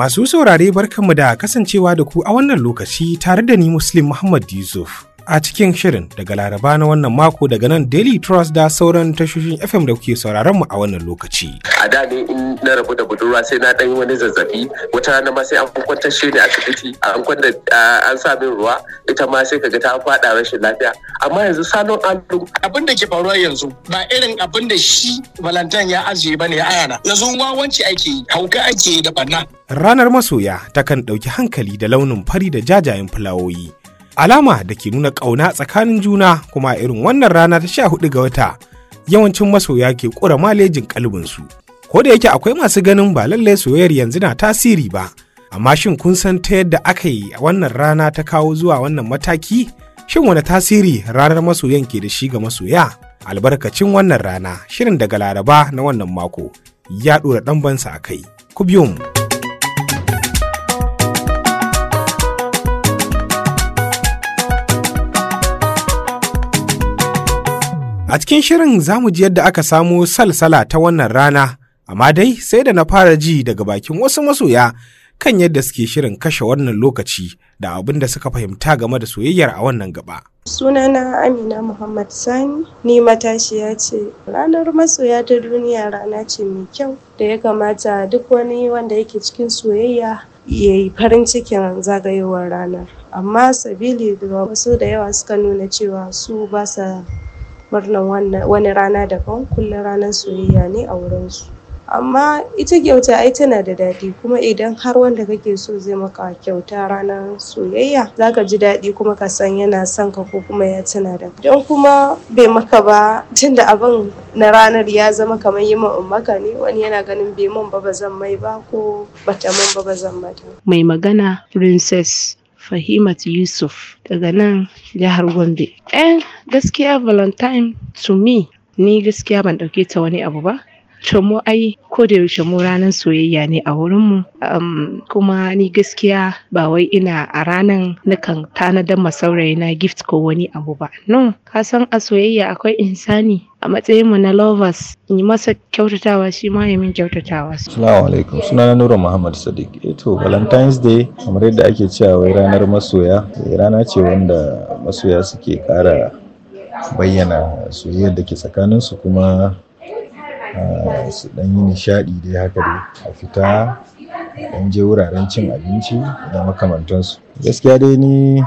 Masu saurare barkanmu da kasancewa da ku a wannan lokaci tare da ni Muslim Muhammad Yusuf. a cikin shirin daga laraba na wannan mako daga nan daily trust da sauran tashoshin fm da kuke sauraron mu a wannan lokaci a da ne in na rabu da budurwa sai na yi wani zazzabi wata rana ma sai an kwantar shi ne a asibiti an kwanta an sa min ruwa ita ma sai kaga ta faɗa rashin lafiya amma yanzu salon alum abin da ke faruwa yanzu ba irin abin da shi valentine ya ajiye bane ya ayana yanzu wawanci ake yi hauka ake yi da barna ranar masoya takan ɗauki hankali da launin fari da jajayen fulawoyi alama da ke nuna ƙauna tsakanin juna kuma irin wannan rana ta sha hudu ga wata yawancin masoya ke ƙura malejin kalbinsu ko da yake akwai masu ganin ba lallai soyayyar yanzu na tasiri ba amma shin kun san ta yadda aka yi wannan rana ta kawo zuwa wannan mataki shin wani tasiri ranar masoyan ke da shi ga masoya albarkacin wannan rana shirin daga laraba na wannan mako ya ɗora ɗanbansa a kai ku biyo mu A cikin shirin za mu ji yadda aka samo salsala ta wannan rana, amma dai sai da na fara ji daga bakin wasu masoya kan yadda suke shirin kashe wannan lokaci da abin da suka fahimta game da soyayyar a wannan gaba. Sunana Amina Muhammad Sani, ni matashiya ce. Ranar masoya ta duniya rana ce mai kyau da ya kamata duk wani wanda yake cikin soyayya ya yi farin cikin zagayowar ranar. Amma sabili da wasu da yawa suka nuna cewa su ba sa murnan wani rana daban kullum ranar soyayya ne a wurinsu amma ita kyauta ai tana da daɗi kuma idan har wanda kake so zai maka kyauta ranar soyayya zaka ji daɗi kuma ka san yana son ka ko kuma ya tuna da don kuma bai maka ba tunda abin na ranar ya zama kamar yi min maka ne wani yana ganin bai mun ba ba zan mai ba ko bata mun ba ba zan mata mai magana princess Fahimat Yusuf daga nan jihar Gombe. ‘Yan eh, gaskiya Valentine to me ni gaskiya ban ɗauke ta wani abu ba Camo ai ko da yaushe mu ranar soyayya ne a wurinmu. Um, kuma ni gaskiya ba wai ina a ranar nakan tanadar masaurayi na gift ko wani abu ba. No, ka san a soyayya akwai insani a matsayin mu na lovers in yi masa kyautatawa shi ma ya min kyautatawa. Assalamu alaikum Suna na Nura Muhammad Sadiq. Eto eh Valentine's Day kamar yadda ake cewa wai ranar masoya eh rana ce wanda masoya suke kara bayyana soyayyar da ke tsakaninsu kuma Eh, su ɗan yi nishaɗi dai haka dai a fita dan je wuraren cin abinci da makamantansu. Gaskiya dai ni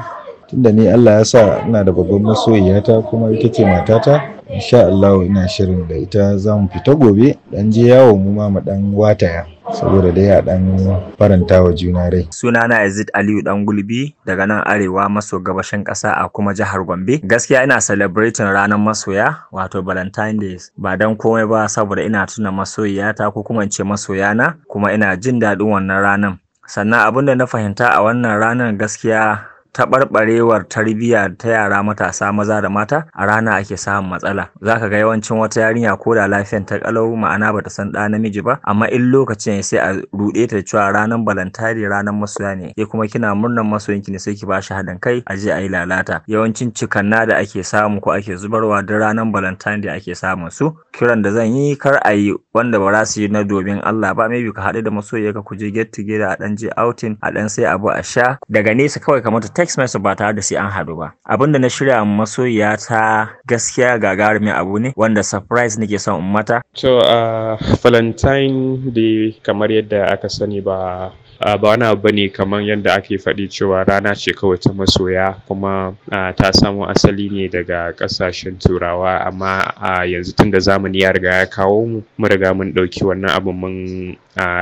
tunda ni Allah ya sa ina da babban masoyiyata kuma ita ce matata insha Allah ina shirin da ita za mu fita gobe dan je yawo mu ma mu ɗan wataya. saboda dai a dan faranta wa juna rai. Sunana Yazid Aliyu Dan Gulbi daga nan arewa maso gabashin ƙasa a kuma jihar Gombe. Gaskiya ina celebrating ranar masoya wato Valentine Day) ba dan komai ba saboda ina tuna masoyiyata ko kuma in ce masoya na, kuma ina jin daɗin wannan ranar. Sannan abin da na fahimta a wannan ranar gaskiya taɓarɓarewar tarbiyya ta yara matasa maza da mata a rana ake samun matsala za ka ga yawancin wata yarinya ko da lafiyan ta kalau ma'ana bata san ɗa namiji ba amma in lokacin sai a ruɗe ta cewa ranar balantari ranar masoya ne ke kuma kina murnar masoyinki ne sai ki ba bashi haɗin kai a je a yi lalata yawancin cikanna da ake samu ko ake zubarwa da ranar balantari da ake samun su kiran da zan yi kar a yi wanda ba za su yi na domin Allah ba maybe ka haɗu da ka ku je get together a ɗan je outing a ɗan sai abu a sha daga nesa kawai kamata ta text message ba tare da sai an haɗu ba abin da na shirya masoyiya ta gaskiya gagarumin abu ne wanda surprise nake son in mata to a valentine day kamar yadda aka sani ba Uh, ba wani abu ne kamar yadda ake faɗi cewa rana ce kawai ta masoya kuma uh, ta samo asali ne daga ƙasashen turawa amma uh, yanzu tun da zamani ya riga ya kawo mu riga mun ɗauki wannan abu mun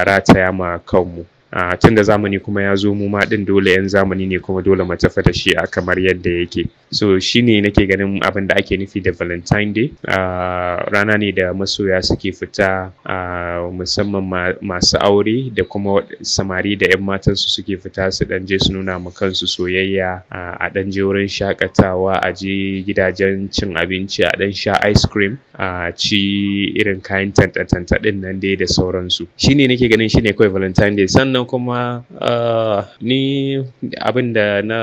rataya ma kanmu a tunda zamani kuma ya zo mu ma ɗin dole yan zamani ne kuma dole mu tafi da shi a kamar yadda yake so shi ne nake ganin abin da ake nufi da valentine day ah, rana ne da masoya suke fita ah, musamman masu aure da kuma samari da 'yan matansu suke fita su dan je su nuna ma kansu soyayya ah, a dan je wurin shakatawa a je gidajen cin abinci a dan sha ice cream a ci irin kayan tantantanta din nan dai da sauransu Shi ne nake ganin shi ne kawai valentine day sannan kuma ni abin da na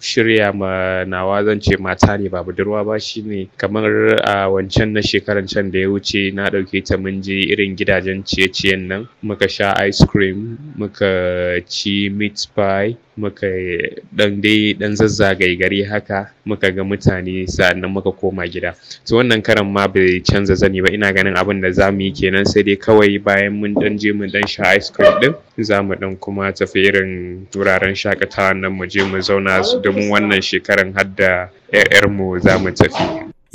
shirya ma nawa zan ce mata ne ba budurwa ba shine kamar a wancan na shekaran can da ya wuce na ɗauke ta mun je irin gidajen ciye-ciyen nan muka sha ice cream muka ci meat pie muka dan dai dan zazzagai gari haka muka ga mutane sa'annan muka koma gida to wannan karan ma bai canza zani ba ina ganin abin da zamu yi kenan sai dai kawai bayan mun dan je mun dan sha ice cream din za mu ɗan kuma tafi irin wuraren shakatawa nan mu je mu zauna domin wannan shekaran har da mu za mu tafi.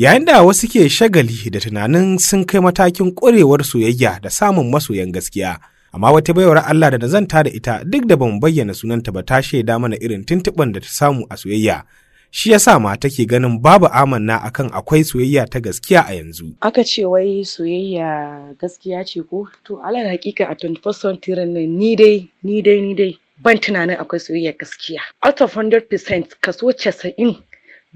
Yayin da wasu ke shagali da tunanin sun kai matakin ƙwarewar soyayya da samun masoyan gaskiya, amma wata baiwar Allah da na zanta da ita duk da ban bayyana sunanta ba ta shaida mana irin tuntuɓan da ta samu a soyayya shi ya sa mata ke ganin babu amanna akan akwai soyayya ta gaskiya a yanzu aka ce wai soyayya gaskiya ce ko to alal hakika a 21st century ne, ni dai ni dai ni dai ban tunanin akwai soyayya gaskiya out of 100% kaso 90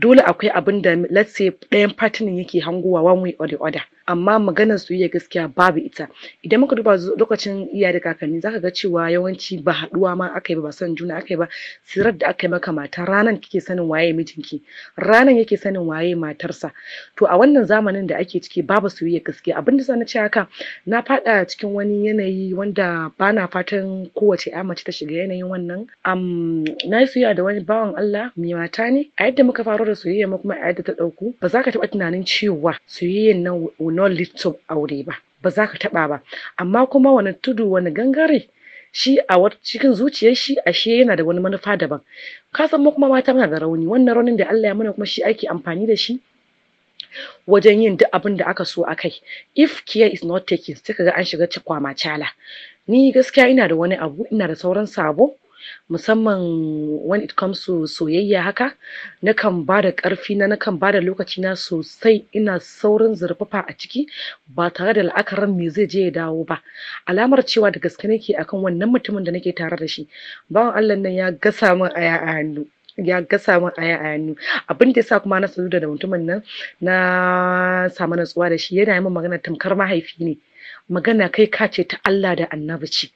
dole akwai abin da let's say ɗayan partner yake hangowa one way or the other amma maganar soyayya gaskiya babu ita idan muka duba lokacin iya da kakanni zaka ga cewa yawanci ba haduwa ma aka yi ba son juna aka yi ba sirar da aka yi maka mata ranan kike sanin waye mijinki ranan yake sanin waye matarsa to a wannan zamanin da ake ciki babu soyayya gaskiya abin da sa na ce haka na fada cikin wani yanayi wanda bana fatan kowace ya mace ta shiga yanayin wannan am na yi da wani bawan Allah mai mata ne a yadda muka faro da soyayya kuma a yadda ta dauku ba za ka taba tunanin cewa soyayyan nan no little aure ba ba za ka taba ba amma kuma wani tudu wani gangare shi a cikin zuciyar shi ashe yana da wani manufa daban ka san mu kuma mata muna da rauni wannan raunin da Allah ya muna kuma shi ake amfani da shi wajen yin duk abin da aka so akai if care is not taken sai ga an shiga cikwa cala ni gaskiya ina da wani abu ina da sauran sabo musamman when it comes to soyayya haka nakan da karfi na nakan da lokaci na sosai ina saurin zurfafa a ciki ba tare da la'akarin me zai je ya dawo ba alamar cewa da gaske nake akan wannan mutumin da nake tare da shi bawan allah nan ya gasa min aya a hannu ya gasa min aya a hannu abin da yasa kuma na sadu da mutumin nan na samu natsuwa da shi yana yi min magana tamkar mahaifi ne magana kai kace ta Allah da annabi ce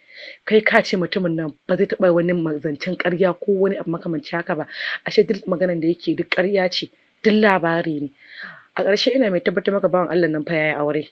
kai ka ce mutumin nan ba zai taɓa wani zancen ƙarya ko wani abu makamanci haka ba ashe duk maganar da yake duk ƙarya ce duk labari ne a ƙarshe ina mai tabbatar maka bawan Allah nan fa yayi aure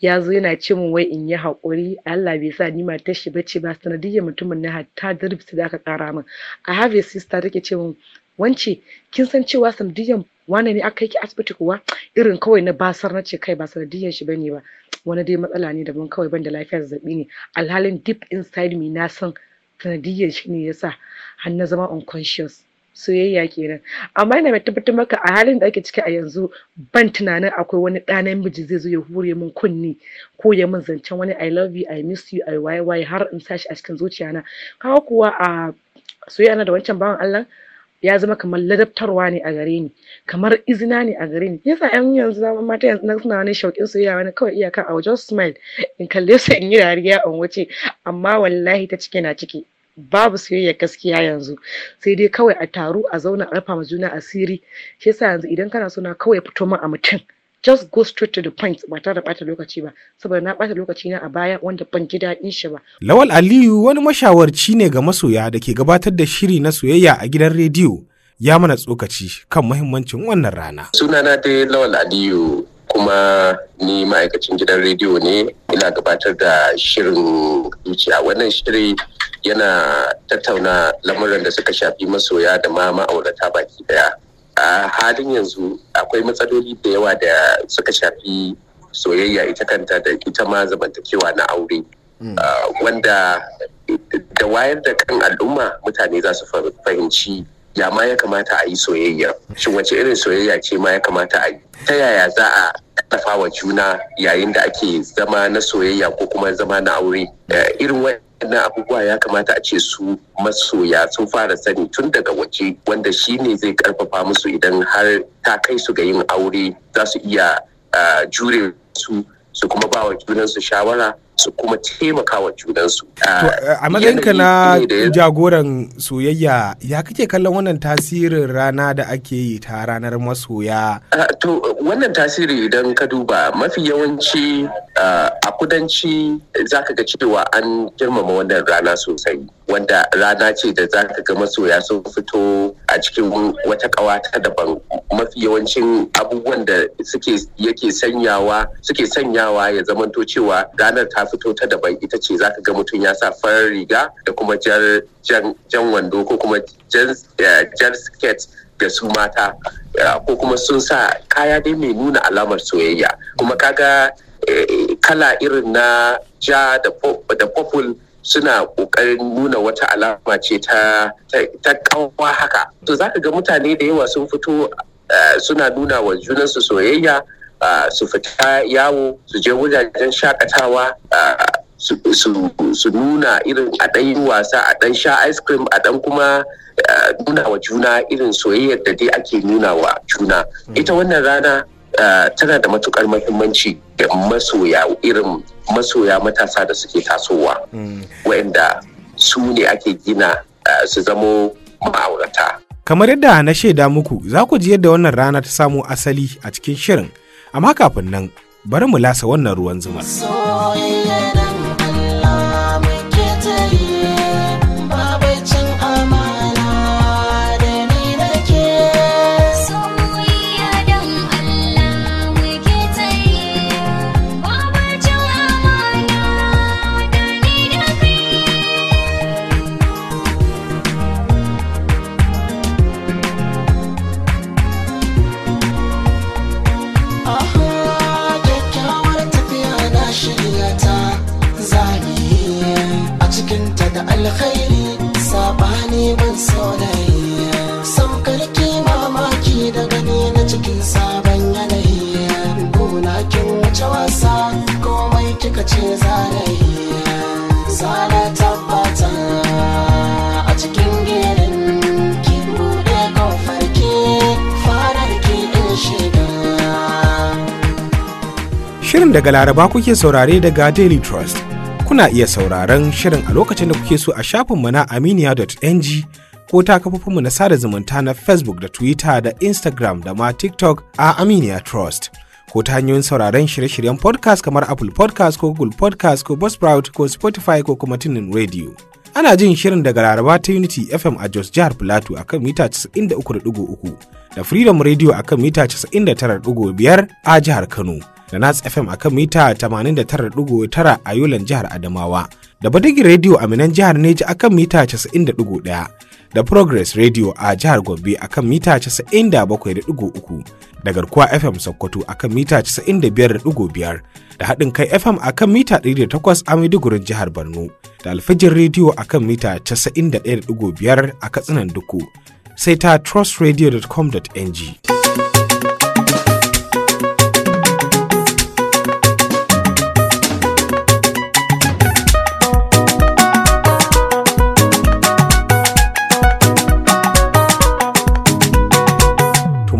ya zo yana ce min wai in yi haƙuri Allah bai sa ni matar shi bace ba sanadiyyar mutumin na hatta darbs da aka ƙara min a have a sister take ce min wance kin san cewa sanadiyyar wane ne aka yi asibiti kuwa irin kawai na basar na ce kai ba sanadiyan shi bane ba wani dai matsala ne daban kawai ban da lafiyar zazzabi ne alhalin deep inside me na san sanadiyyar shi ne yasa har na zama unconscious soyayya kenan amma ina mai tabbatar maka a halin da ake ciki a yanzu ban tunanin akwai wani ɗa namiji zai zo ya hure min kunni ko ya min zancen wani i love you i miss you i why why har in sashi a cikin zuciya na kawo kuwa a ah, soyayya na da wancan bawan Allah ya zama kamar ladabtarwa ne a gare ni kamar izina ne a gare ni yasa yan yanzu zaman mata yanzu na suna wani shauƙin soyayya wani kawai iyaka a wajen smile in kalle su in yi dariya in wuce amma wallahi ta cike na ciki babu soyayya gaskiya yanzu sai dai kawai a taru a zauna a rafa ma juna asiri shi yasa yanzu idan kana so na kawai fito ma a mutum just go straight to the point ba tare da ɓata lokaci ba saboda na ɓata lokaci na a baya wanda ban gida daɗin shi ba. Lawal Aliyu wani mashawarci ne ga masoya da ke gabatar da shiri na soyayya a gidan rediyo ya mana tsokaci kan muhimmancin wannan rana. Sunana dai Lawal Aliyu kuma ni ma'aikacin gidan rediyo ne ina gabatar da shirin zuciya wannan shiri yana tattauna lamuran da suka shafi masoya da ma ma'aurata baki daya a halin yanzu akwai matsaloli da yawa da suka shafi soyayya ita kanta da ita ma zamantakewa na aure hmm. ah, wanda da wayar da kan al'umma mutane za su fahimci ya ma ya kamata a yi soyayya shin wace irin soyayya ce ma ya kamata a yi ta yaya za a tafawa juna yayin da ake zama na soyayya ko kuma zama na aure eh, irin waɗannan abubuwa ya kamata a ce su masoya sun fara sani tun daga waje wanda shi ne zai karfafa musu idan har ta kai su ga yin aure za su iya ah, jure su su kuma ba wa junansu shawara su kuma taimakawa junansu. Ah, a matsayinka na jagoran soyayya ya kake kallon wannan tasirin rana da ake yi ta ranar masoya? Ah, to wannan tasiri idan ka duba mafi yawanci ah, a kudanci zaka ga cewa an girmama wannan rana sosai. wanda rana ce da za ka ga masoya sun fito a cikin wata kawa daban mafi yawancin abubuwan da suke yake sanyawa suke sanyawa ya zamanto cewa ranar ta fito ta daban ita ce za ka ga mutum ya sa farar riga da kuma jar jan wando ko kuma eh, jar skirt da su mata ko kuma sun sa kaya dai mai nuna alamar soyayya kuma kaga eh, kala irin na ja da popul. suna ƙoƙarin nuna wata alama ce ta ta ƙawa haka to zaka ga mutane da yawa sun fito eh, suna nuna wa junansu soyayya ah, su fita yawo su je wajajen shakatawa ah, su nuna irin a ɗan wasa a ɗan sha ice cream a ɗan kuma eh, nuna wa juna irin soyayyar da dai ake nuna wa juna hmm. ita wannan rana eh, tana da matukar muhimmanci ga masoya irin masoya matasa da suke tasowa mm. waɗanda su ne ake gina eh, su zamo ma'aurata. Kamar yadda na shaida muku za ku ji yadda wannan rana ta samu asali a cikin shirin, amma kafin nan bari mu lasa wannan ruwan zuma. daga Laraba kuke saurare daga Daily Trust. Kuna iya sauraron shirin a lokacin da kuke so a shafinmu na aminiya.ng ko ta kafofinmu na sada zumunta na Facebook da Twitter da Instagram da ma TikTok a Aminiya Trust. Ko ta hanyoyin sauraron shirye-shiryen podcast kamar Apple podcast ko Google podcast ko Buzzsprout ko Spotify ko kuma Tunin Radio. Ana jin shirin daga Laraba ta Unity FM a Jos Jihar Plateau akan mita 93.3 da Freedom Radio akan mita 99.5 a jihar Kano. da Nas FM a kan mita 89.9 a yulan jihar Adamawa, da Badagin Radio a Minan jihar Neja a kan mita 90.1, da Progress Radio a jihar Gombe a kan mita 97.3, da Garkuwa FM Sokoto a kan mita 95.5, da haɗin kai FM a kan mita 108 a Maidugurin jihar Borno, da Alfajin Radio a kan mita 91.5 a Katsinan Duku, sai ta trustradio.com.ng.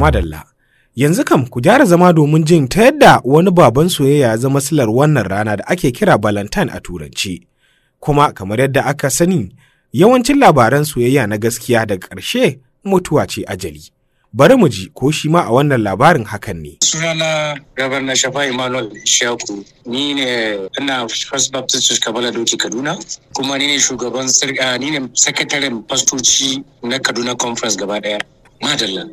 madalla. Yanzu kam ku gyara zama domin jin ta yadda wani baban soyayya ya zama silar wannan rana da ake kira Valentine a Turanci. Kuma kamar yadda aka sani, yawancin labaran soyayya na gaskiya daga ƙarshe mutuwa ce ajali. Bari mu ji ko shi ma a wannan labarin hakan ne. Sunana gabanar Shafa Emmanuel Ishaku ni ne ina First Baptist Church Kabala Doki Kaduna kuma ni ne shugaban ah, ni ne sakataren fastoci na Kaduna Conference gaba daya. madalla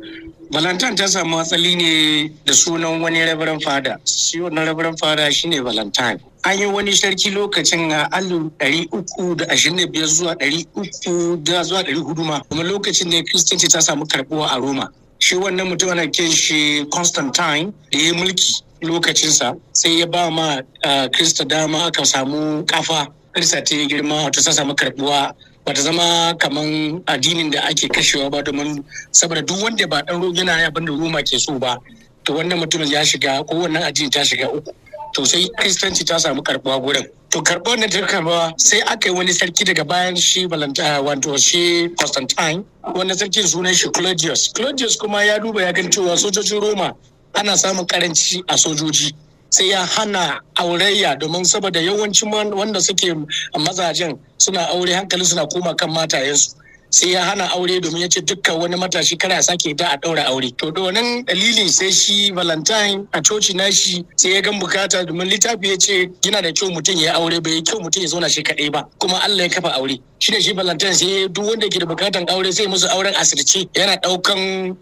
Valentine ta samu hatsali ne da sunan wani rabaran fada. Shi rabaran fada shine Valentine. An yi wani sarki lokacin a alif ɗari uku da ashirin da biyar zuwa ɗari uku da zuwa ɗari hudu ma. Kuma lokacin ne kristanci ta samu karɓuwa a Roma. Shi wannan mutum ana kiran shi Constantine da ya mulki lokacinsa sai ya ba ma eh, Kirista dama aka samu kafa. Kirista ta yi girma to ta samu karbuwa. ba ta zama kamar addinin da ake kashewa ba domin saboda duk wanda ba ɗan yana abin da roma ke so ba to wannan mutumin ya shiga ko wannan addinin ta shiga uku to sai kristanci ta samu karɓuwa gurin to karɓuwa na ta karɓuwa sai aka yi wani sarki daga bayan shi ah, wato shi constantine wannan sarkin sunan shi claudius claudius kuma ya duba ya gan cewa sojojin roma ana samun karanci a sojoji sai ya hana aurayya domin saboda yawancin wanda suke mazajen suna aure hankali suna koma kan matayensu sai ya hana aure domin ya ce dukkan wani matashi kara ya sake da a ɗaura aure. To donin dalili dalilin sai shi Valentine a coci nashi sai ya gan bukata domin littafi ya ce yana da kyau mutum ya aure bai yi kyau mutum ya zauna shi kaɗai ba kuma Allah ya kafa aure. Shi da shi Valentine sai duk wanda ke da bukatan aure sai musu auren asirce yana ɗaukan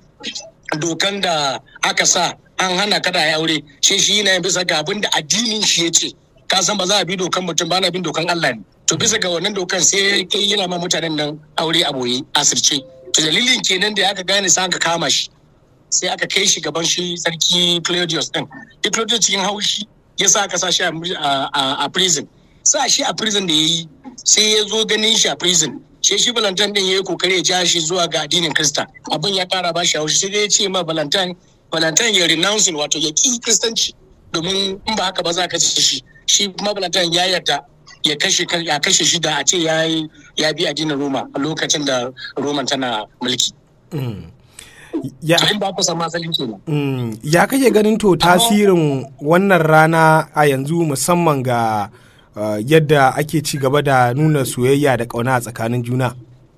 dokan da aka sa an hana kada ya aure shi shi yana bisa ga abin da addinin shi ya ce ka san ba za a bi dokan mutum ba na bin dokan Allah ne to bisa ga wannan dokan sai kai yana ma mutanen nan aure a boye asirce to dalilin kenan da aka gane sai aka kama shi sai aka kai shi gaban shi sarki Claudius din duk Claudius cikin haushi ya sa aka sa shi a prison sa shi a prison da yayi sai ya zo ganin shi a prison shi shi balantan din yayi kokari ya ja shi zuwa ga addinin krista abin ya kara ba shi haushi sai dai ya ce ma balantan balantan ya renounce wato ya ki kristanci domin in ba haka ba za ka ci shi shi kuma balantan ya yarda ya kashe ya kashe shi da a ce ya ya bi addinin roma a lokacin da roman tana mulki mm. ya ba ku samu asalin kenan mm. ya kake ganin to tasirin wannan rana a yanzu musamman ga Ah, yadda ake ci gaba da nuna soyayya da ƙauna a tsakanin juna.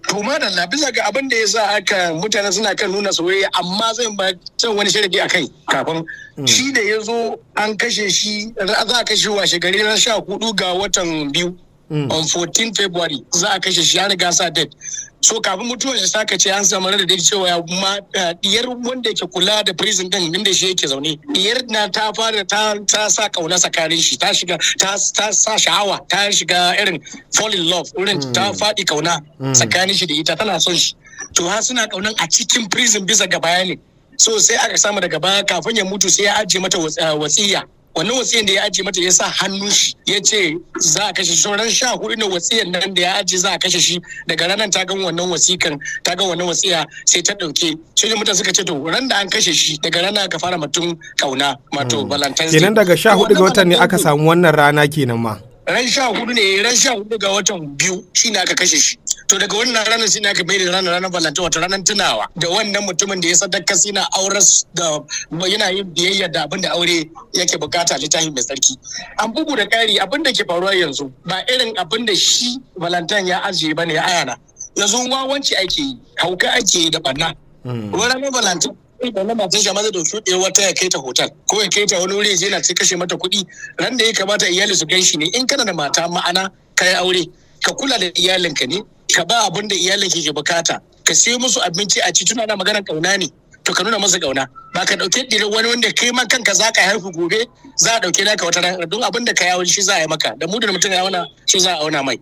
To madalla bisa ga abin da ya sa aka mutane suna kan nuna soyayya amma zan ba can wani sharadi a kai kafin hmm. shi da ya zo an kashe shi za a kashe washe gari ran sha hudu ga watan biyu Mm. on 14 february za a kashe shi ya riga sa dead so kafin mutuwar shi saka ce an samu da cewa ma eh, diyar wanda yake kula da prison din din da shi yake zaune diyar na ta fara ta ta sa kauna sakarin shi ta shiga ta ta sa sha'awa ta shiga irin fall in love irin mm. ta fadi kauna mm. tsakanin shi da ita tana son shi to ha suna kaunan a cikin prison bisa ga bayani so sai aka samu daga baya kafin ya mutu sai ya ajiye mata eh, wasiya wannan wasiyan da ya aje mata ya sa hannu shi ya ce za a kashe Ran sha hudu na wasiyan nan da ya aje za a kashe shi daga ranar ta gan wannan wasikan ta gan wannan wasiya sai ta dauke sai mutane suka ce to ran da an kashe shi daga rana ka fara mutum kauna mato hmm. valentine kenan daga sha hudu ga watan ne aka samu wannan rana kenan ma ran sha hudu ne ran sha hudu ga watan biyu shi ne aka kashe shi to daga wannan ranar shi ne aka mai da ranar ranar valentine wata ranar tunawa da wannan mutumin da ya sadaka sina auras, da yana yin biyayya da abin da aure yake bukata littafin mai tsarki an bugu da ƙari abin da ke faruwa yanzu ba irin abin da shi valentine ya ajiye ba ne ya ayana yanzu wawanci ake yi hauka ake yi da barna hmm. ranar valentine da matan shi maza da shuɗe wata ya kai ta hotel ko ya kai ta wani wuri je na ce kashe mata kuɗi ran da ya kamata iyali su gan shi ne in kana da mata ma'ana kai aure ka kula da iyalinka ne ka ba abin da iyalin ke bukata ka sai musu abinci a ci tuna magana maganar kauna ne to ka nuna masa kauna ba ka dauke dire wani wanda kai man kanka za ka haifu gobe za a dauke naka wata rana don abin da ka yawon shi za a yi maka da mu da mutum ya auna shi za a auna mai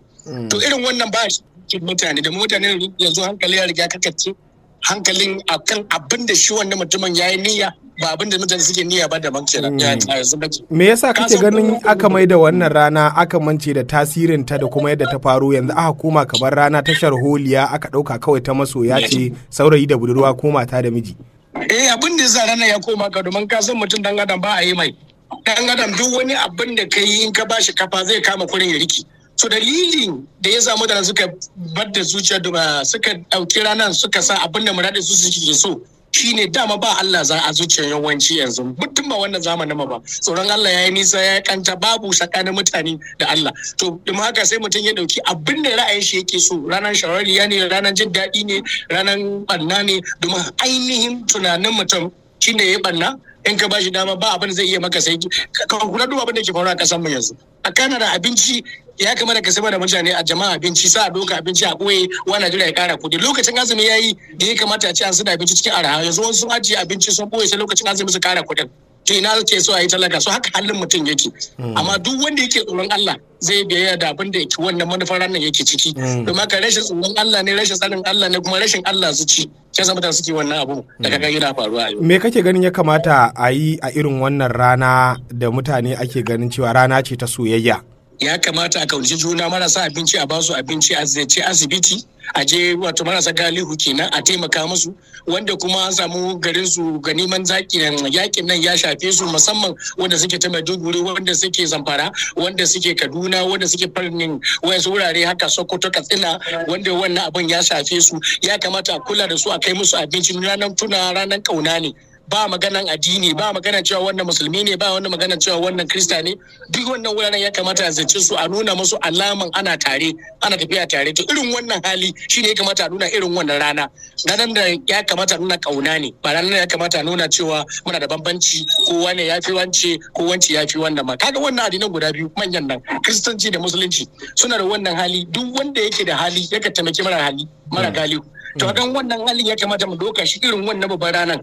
to irin wannan ba shi mutane da mutane yanzu hankali ya riga kakacce hankalin akan abin da shi wannan mutumin ya yi niyya ba abin da mutane suke niyya ba da kenan hmm. me yasa kake ganin aka mai da wannan rana aka mance da tasirin ta da kuma yadda ta faru yanzu aka koma kamar rana tashar holiya aka ɗauka kawai ta masoya ce saurayi da budurwa ko mata da miji eh abin da yasa ranar ya koma ka domin ka san mutum dan adam ba a yi mai dan adam duk wani abin da ka in ka bashi kafa zai kama kurin ya riki to dalilin da ya samu da suka bar da zuciya suka dauki ranar suka sa abin da muradin su suke so shine dama ba Allah za a zuciyar yawanci yanzu mutum ba wannan zamanin ma ba tsoron Allah ya yi nisa ya kanta babu tsakanin mutane da Allah to dama haka sai mutum ya dauki abin da ra'ayin shi yake so ranar ya ne ranar jin daɗi ne ranar banna ne domin ainihin tunanin mutum shine ya banna in ka bashi dama ba abin zai iya maka sai ka kula duk abin da ke faruwa a kasan mu yanzu a kanada abinci ya kamata ka saba da mutane a jama'a abinci sa a doka abinci a ɓoye wa Najeriya ya kara kuɗi lokacin azumi ya yi da ya kamata a ce an sada abinci cikin araha yanzu wasu sun ajiye abinci sun ɓoye sai lokacin azumi su kara kuɗin to ina ce so a yi talaka so haka halin mutum yake hmm. amma duk wanda yake tsoron Allah zai biyayya da abin da yake wannan manufar ranar yake ciki hmm. don ka rashin tsoron Allah ne rashin tsarin Allah ne kuma rashin Allah su ci sai sa mutane suke wannan abu daga ga hmm. yana faruwa yau me kake ganin ya kamata a yi a irin wannan rana da mutane ake ganin cewa rana ce ta soyayya ya kamata a kaunci juna marasa abinci a basu abinci a ziyarci asibiti a je wato marasa galihu kenan a taimaka musu wanda kuma an samu garin su ganiman yakin nan ya shafe su musamman wanda suke ta maiduguri wanda suke zamfara wanda suke kaduna wanda suke farnin wayansu wurare haka sokoto katsina wanda wannan abin ya shafe su ya kamata a kula da su a kai musu abinci ranar tuna ranar kauna ne ba maganan addini ba maganan cewa wannan musulmi ne ba wannan maganan cewa wannan krista ne duk wannan wuraren ya kamata a zance su a nuna musu alaman ana tare ana tafiya tare to irin wannan hali shine ya kamata a nuna irin wannan rana ranar da ya kamata a nuna kauna ne ba ranar da ya kamata a nuna cewa muna da bambanci ko wani ya fi wance ko wance ya fi wannan ma kaga wannan addinan guda biyu manyan nan kristanci da musulunci suna da wannan hali duk wanda yake da hali yakan taimaki mara hali mara mm. galihu to a wannan halin ya kamata mu doka shi irin wannan babban ranar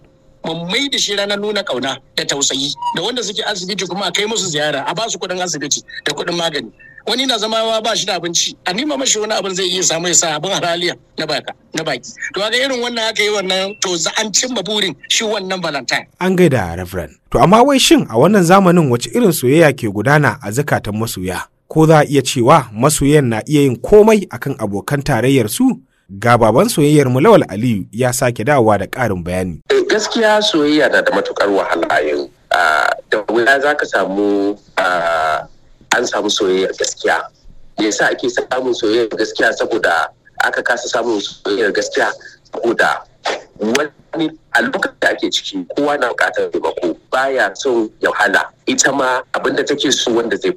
mu mai da shi ranar nuna kauna da tausayi da wanda suke asibiti kuma a kai musu ziyara a basu su kuɗin asibiti da kuɗin magani wani na zama ba shi da abinci a nima mashi wani abin zai iya samu ya sa abin haraliya na baka na baki to ga irin wannan aka yi wannan to za an cimma burin shi wannan valentine an gaida reverend to amma wai shin a wannan zamanin wace irin soyayya ke gudana a zakatan masoya ko za a iya cewa masoyan na iya yin komai akan abokan tarayyar su Ga baban soyayyar mu Lawal Aliyu ya sake dawowa da ƙarin bayani. Eh, gaskiya soyayya na da matukar wahala yau. Ah, da wuya za ka samu ah, an samu soyayyar gaskiya. Me yasa ake samun soyayyar gaskiya saboda aka kasa samun soyayyar gaskiya saboda wani a lokacin da ake ciki kowa na bukatar taimako baya son ya wahala ita ma abinda take so wanda zai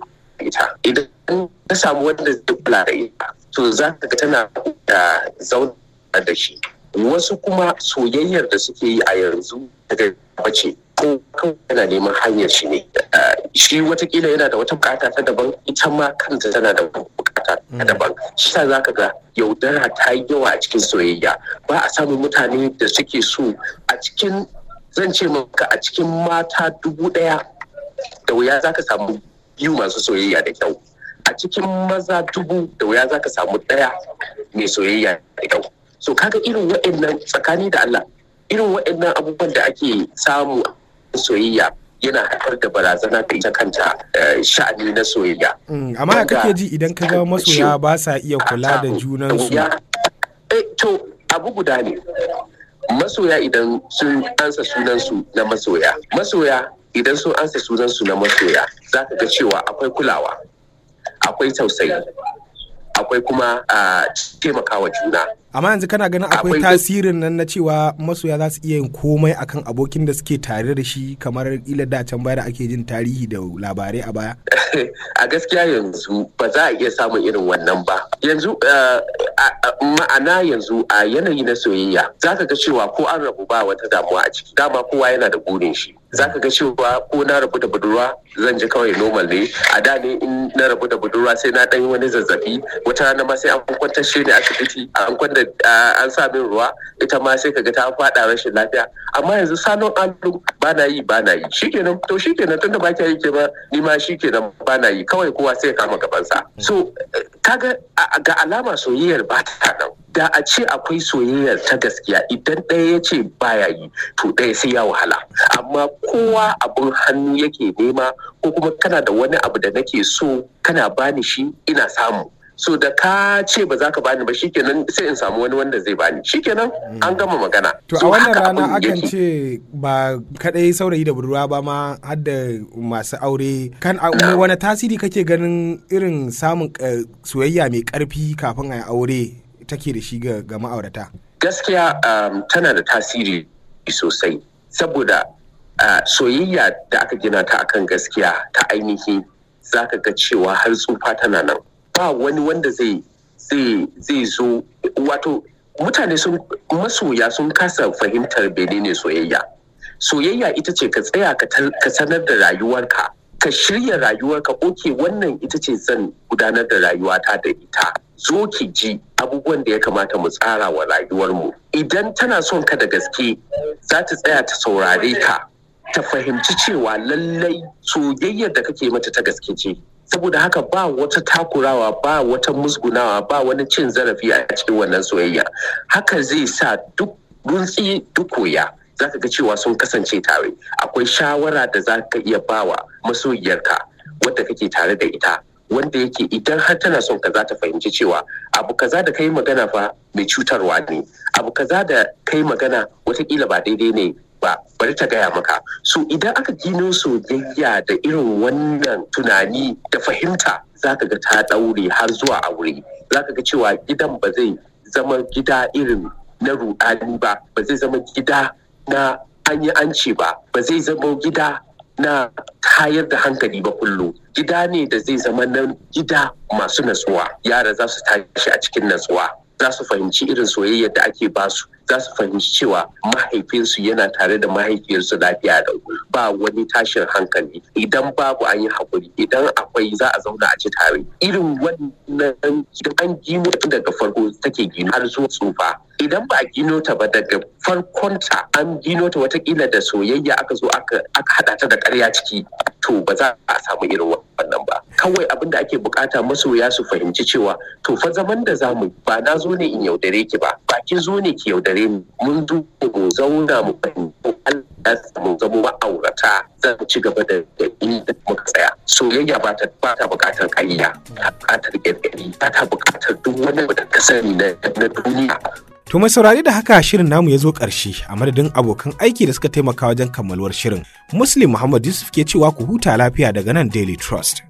ita idan ta samu wanda zai kula da ita to za ka tana da zauna da shi wasu kuma soyayyar da suke yi a yanzu daga bace ko yana neman hanyar shi ne shi watakila yana da wata bukata ta daban ita ma kanta tana da bukata ta mm. daban shi ta ka ga yaudara ta yi yawa a cikin soyayya ba a samun mutane da suke so a cikin zan ce maka a cikin mata dubu daya da wuya za ka samu biyu masu soyayya da kyau a cikin maza dubu da wuya za ka samu ɗaya mai soyayya da kyau so kaga irin waɗannan tsakani da Allah irin waɗannan abubuwan da ake samu soyayya yana haifar da barazana ga ita kanta eh, sha'ani na soyayya. Mm, amma ya kake ji idan ka ga masoya ba sa iya kula da junan su. Eh, to abu guda ne. Masoya idan sun ansa sunansu na masoya. Masoya idan sun ansa sunansu na masoya za ka ga cewa akwai kulawa. akwai tausayi akwai kuma taimakawa juna amma yanzu kana ganin akwai tasirin nan na cewa masoya za su iya yin komai akan abokin da suke tare da shi kamar ila da can baya da ake jin tarihi da labarai a baya a gaskiya yanzu ba za a iya samun irin wannan ba yanzu eh, ma'ana yanzu a yanayi na soyayya za ka ga cewa ko an rabu ba wata damuwa a ciki dama kowa yana da burin shi za ka ga cewa ko na rabu da budurwa zan ji kawai normal ne a da ne in na rabu da budurwa sai na dan wani zazzabi wata rana ma sai an kwantar shi ne asibiti an kwanta an sa min ruwa ita ma sai kaga ta faɗa rashin lafiya amma yanzu salon alu ba na yi ba na yi shikenan to shikenan tunda ba yi ke ba ni ma shikenan ba na yi kawai kowa sai ya kama gabansa so eh, ga alama soyayyar ba ta nan da a ce akwai soyayya ta gaskiya idan ɗaya ya ce baya yi to ɗaya sai ya wahala amma kowa abin hannu yake nema ko kuma kana da wani abu da nake so kana bani shi ina samu so da ka ce ba za ka bani ba shikenan sai in samu wani wanda zai bani shikenan hmm. an gama magana to a wannan rana akan ce ba kadai saurayi da budurwa ba ma har da masu aure kan wani tasiri kake ganin irin samun eh, soyayya mai karfi kafin a aure take da shi ga ma'aurata gaskiya um, tana da tasiri sosai saboda uh, soyayya da aka gina ta akan gaskiya ta ainihi za ka ga cewa har tsufa tana nan ba wani wanda zai wato mutane sun masoya sun kasa fahimtar bene ne soyayya soyayya ita ce ka tsaya ka sanar da rayuwarka ka shirya rayuwarka oke wannan ita ce zan gudanar da rayuwata da ita zo ki ji abubuwan da ya kamata mu tsara wa rayuwarmu idan tana son ka da gaske za ta tsaya ta saurare ka ta fahimci cewa lallai soyayyar da kake mata ta gaske ce saboda haka ba wata takurawa ba wata musgunawa ba wani cin zarafi a cikin wannan soyayya haka zai sa duk runtsi duk koya za ka ga cewa sun kasance tare akwai shawara da za ka iya bawa masoyiyarka wadda kake tare da ita wanda yake idan har tana son kaza ta fahimci cewa abu kaza da kai magana fa mai cutarwa ne abu kaza da kai magana wataƙila ba daidai ne ba bari ta gaya maka so idan aka gino soyayya da irin wannan tunani da fahimta zaka ga ta ɗaure har zuwa aure ka ga cewa gidan ba zai zama gida irin na ruɗani ba ba zai zama gida na an yi an ba ba zai zama gida na tayar da hankali ba kullu gida ne da zai zama na gida masu natsuwa yara za su tashi a cikin natsuwa za su fahimci irin soyayyar da ake basu za su fahimci cewa mahaifinsu yana tare da mahaifiyarsu lafiya da ba wani tashin hankali idan babu an yi haƙuri idan akwai za a zauna a ci tare irin wannan an gino daga farko take gino har zuwa tsufa idan ba a gino ta ba daga farkonta an gino ta watakila da soyayya aka zo aka haɗa ta da ƙarya ciki to ba za a samu irin wannan ba kawai abin da ake bukata masoya su fahimci cewa to fa zaman da zamu ba na zo ne in yaudare ki ba ba ki zo ne ki yaudare ni mun zo mu zauna mu fahimci mu zama ma'aurata za mu ci gaba da inda muka tsaya soyayya ba ta ba ta bukatar ƙarya ta bukatar ƙirƙiri ba ta bukatar duk wani da ka sani na duniya To mai saurari da haka shirin namu ya zo ƙarshe a madadin abokan aiki da suka taimaka wajen kammaluwar shirin. Muslim Muhammad Yusuf ke cewa ku huta lafiya daga nan Daily Trust.